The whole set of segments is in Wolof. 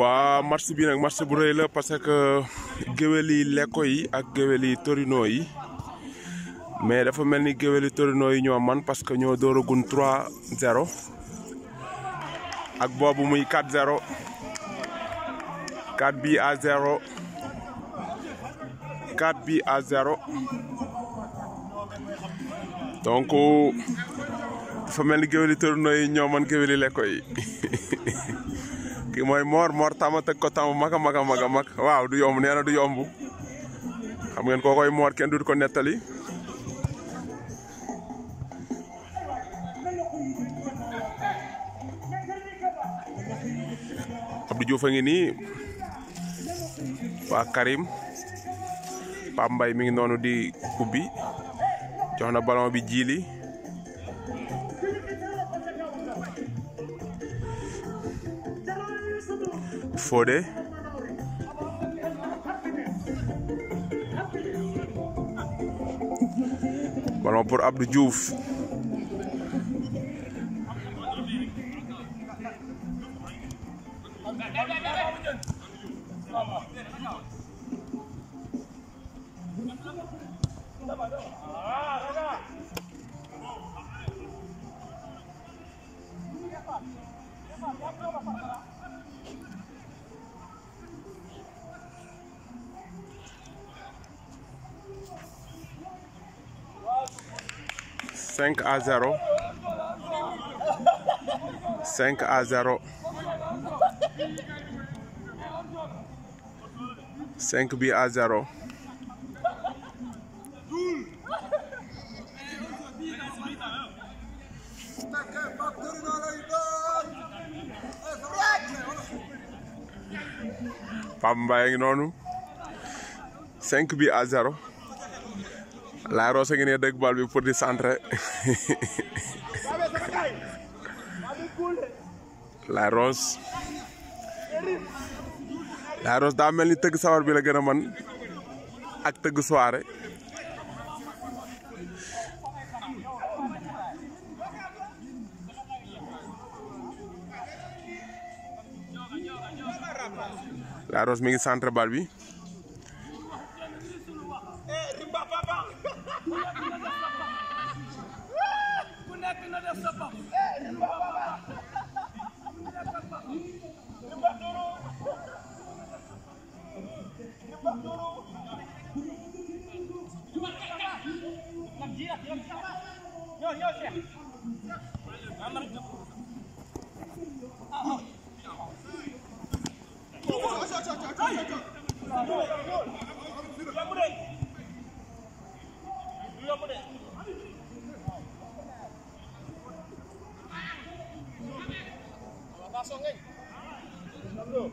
waa match bi nag match bu rëy la parce que géwél yi lekko yi ak géwél yi torino yi mais dafa mel ni géwél yi torino yi ñoo man parce que ñoo dóoragun 3-0 ak boobu muy 4-0 4 bi à 0 4 bi à 0 dafa mel ni géwél yi torino yi ñoo man géwél yi lekko yi ki moy Mor Mor Tama teg ko Tama maga maga wow mak waw ada du yomb neena du yomb xam ngeen koo koy Mor ken du ko netali Abdou Diouf ngi ni Karim Pape Mbaye mi ngi nonu di Kubi, joxna ballon bi jili Fodé ballon pour Abdou Diouf 5 à 0. 5 à 0. 5 bi à 0. Pam Mbaye ngi 5 bi à 0. Laye Rose ngi ne dëgg bal bi pour di centre Laye Rose Laye Rose daa mel ni tëgg sawar bi la gën a man ak tëgg soirée Laye Rose mi ngi centre bal bi Yes, sir. songeng. Sanggup.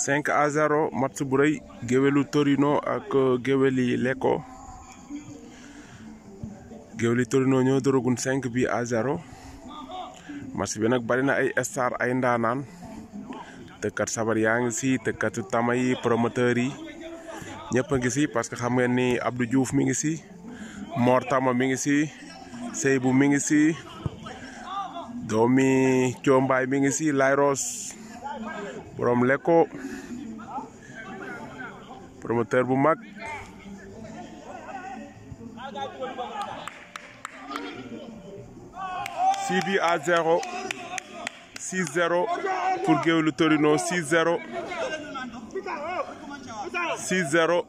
5 à 0 match bu reuy gewelu Torino ak euh, geweli leko geweli Torino ñoo dorogun 5 bi à 0 match bi nak bari na ay star ay ndanan te kat sabar yaang ngi si tëkkatu tama yi promoteur yi ñepp ngi si parce que xam ngeen ni Abdou Diouf mi ngi si mortama mi ngi si seybu mi ngi si domi Coombaay mi ngi si lairos borom leko promoteur bu mag CB à 0 6 0 pour Guéoulou Torino 6 0 6 0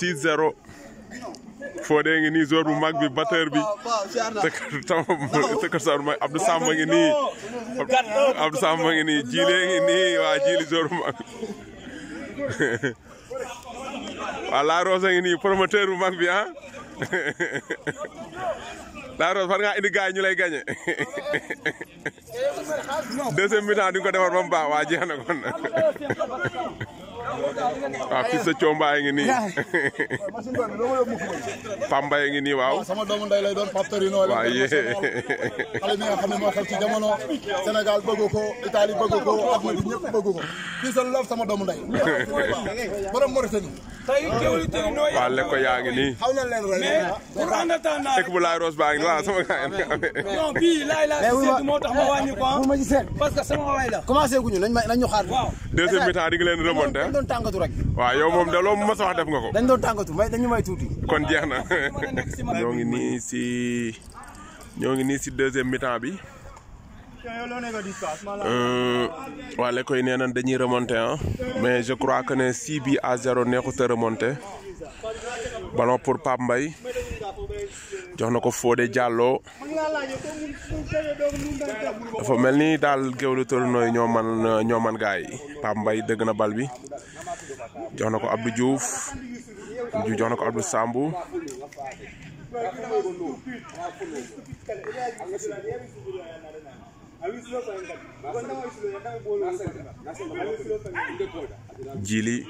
6 0 Fodé ngi nii joueur bu mag bi batteur bi Tëkër Saar mooy Abdou Samba ngi nii Abdou Samba ngi nii Jile ngi nii waa Jili joueur bu mag waa La ngi nii promoteur bu mag bi ah La Rose ngaa indi gars ñu lay gagné deuxième mi-temps di ko defar ba mu waa jeex na kon waaw fii sa coomba a ngi nii Pamba a ngi nii waaw. sama doomu ndey lay doon Pape Torino. waaye xale bi nga xam ne moo xam ci jamono Sénégal bëgg ko Italie bëgg ko sama doomu ndey borom waaw lekk yaa ngi nii. mais pour en attendant. équipe bu Laye Rose baa ngi nii waaw sama gars yi. non bii moo tax ma wàññi ko parce que guñu nañ ma nañ ñu xaar. waaw deuxième mi-temps di nga dañ doon tàngatu rek. Ah? waaw yow moom de loolu mos a def nga ko. dañ doon tàngatu may dañu may tuuti. kon jeex na ñoo ngi nii si ñoo ngi nii si deuxième mi bi. Euh, waa Lekoy nee nañ dañuy remonter ah mais je crois que ne 6 bi à 0 neexut a remonter ballon pour Pape mbay jox na ko Fodé Diallo dafa mel ni daal géwlu tournoi ñoo man ñoo man gars yi Pape dëgg na bal bi jox na ko ab Diouf jox na ko Abdou Sambou. Jili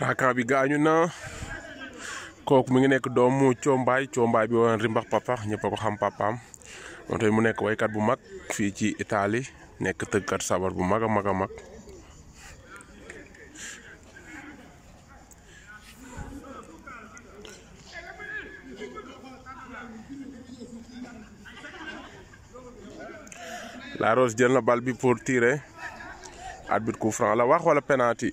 Raka bi gañu na kok mi ngi nek doomu ciombay ciombay bi won Rimbax papa ñepp ko xam papaam mo tay mu nekk waykat bu mag fi ci sabar bu mag mag mag. La Rose jël na bal bi pour tirer arbitre coup franc la wax wala penalty.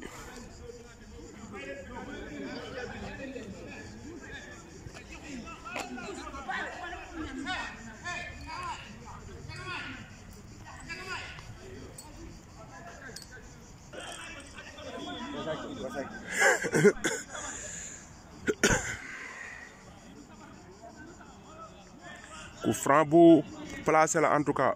franc bu placé la en tout cas.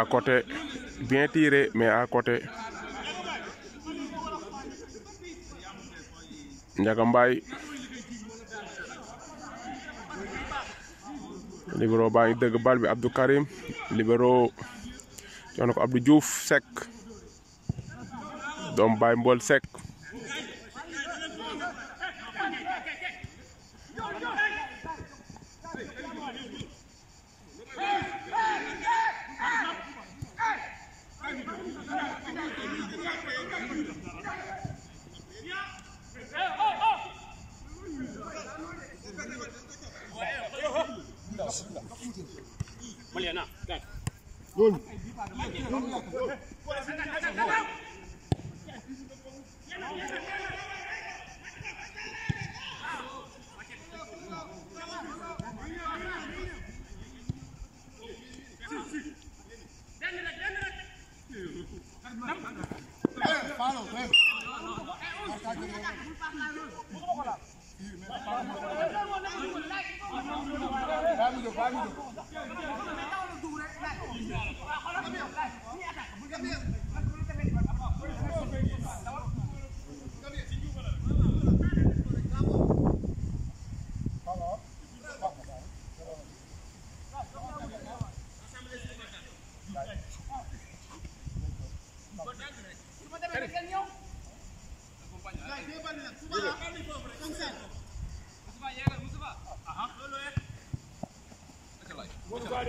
à côté, bien tiré, mais à côté. Ndiagambaay libéro baa ngi dëgg bal bi Abdou Karim libéro jox na ko Abdou Diouf Seck doom baay mbool Seck Family, family. Vai,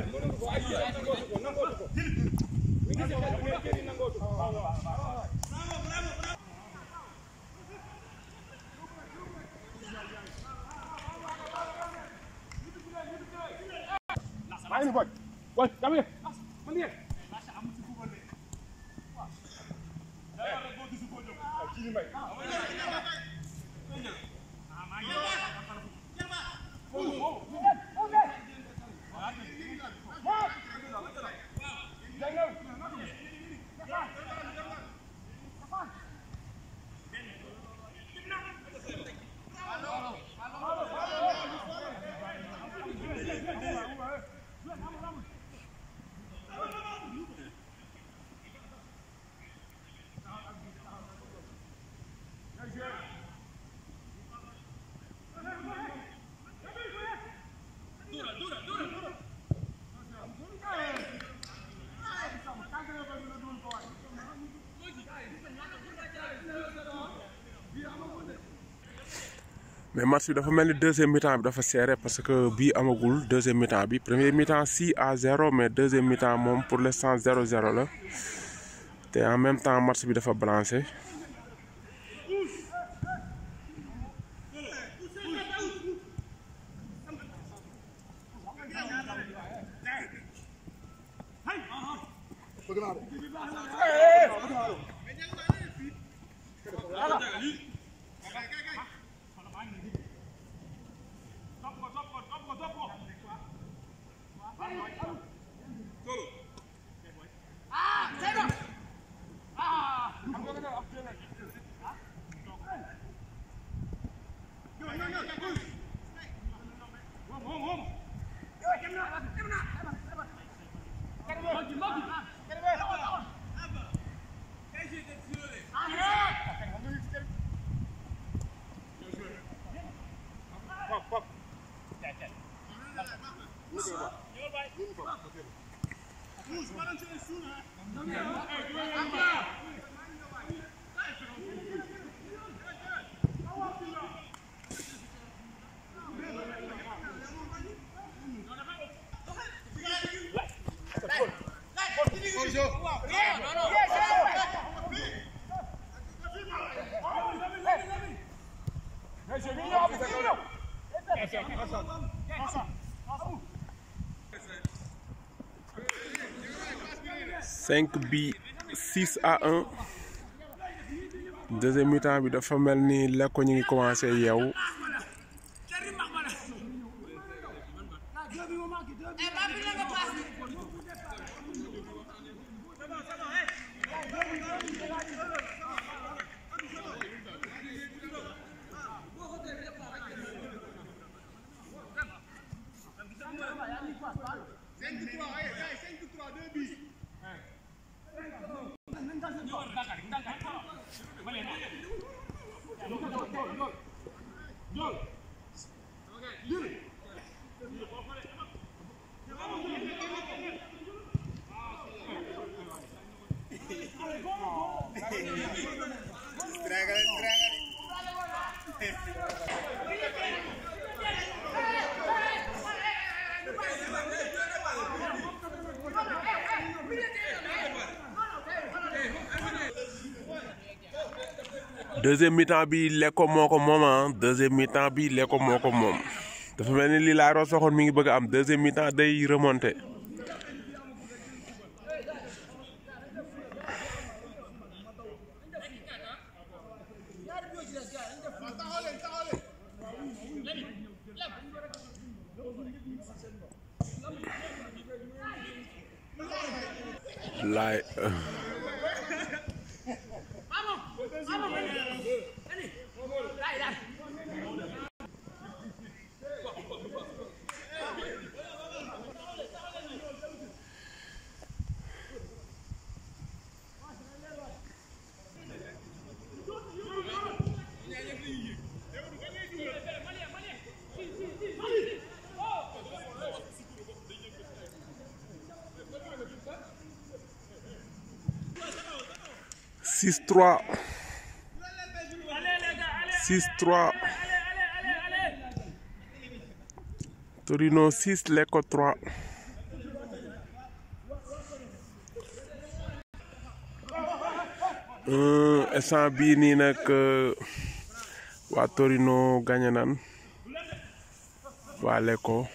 boy. Boy, come here. Come here. Oh, oh. mais match dafa le deuxième mi-temps serré parce que bi, amagul deuxième mi premier mi-temps 6 à 0 mais deuxième mi-temps pour l'instant 0-0 là. en même temps match bi dafa balancé. Good. cinq bi six à un deuxième mi bi dafa mel ni la ñu ngi commencé yeewu deuxième mi-temps bi Lecco moo ko moom ah deuxième mi-temps bi Lecco moo ko moom dafa mel ni lii laa roos waxoon mi ngi bëgg a am deuxième mi-temps day remonté. laay. 6-3. 3 Torino 6, Lecco 3. bi bii nii nag euh, wa Torino ganyanan wa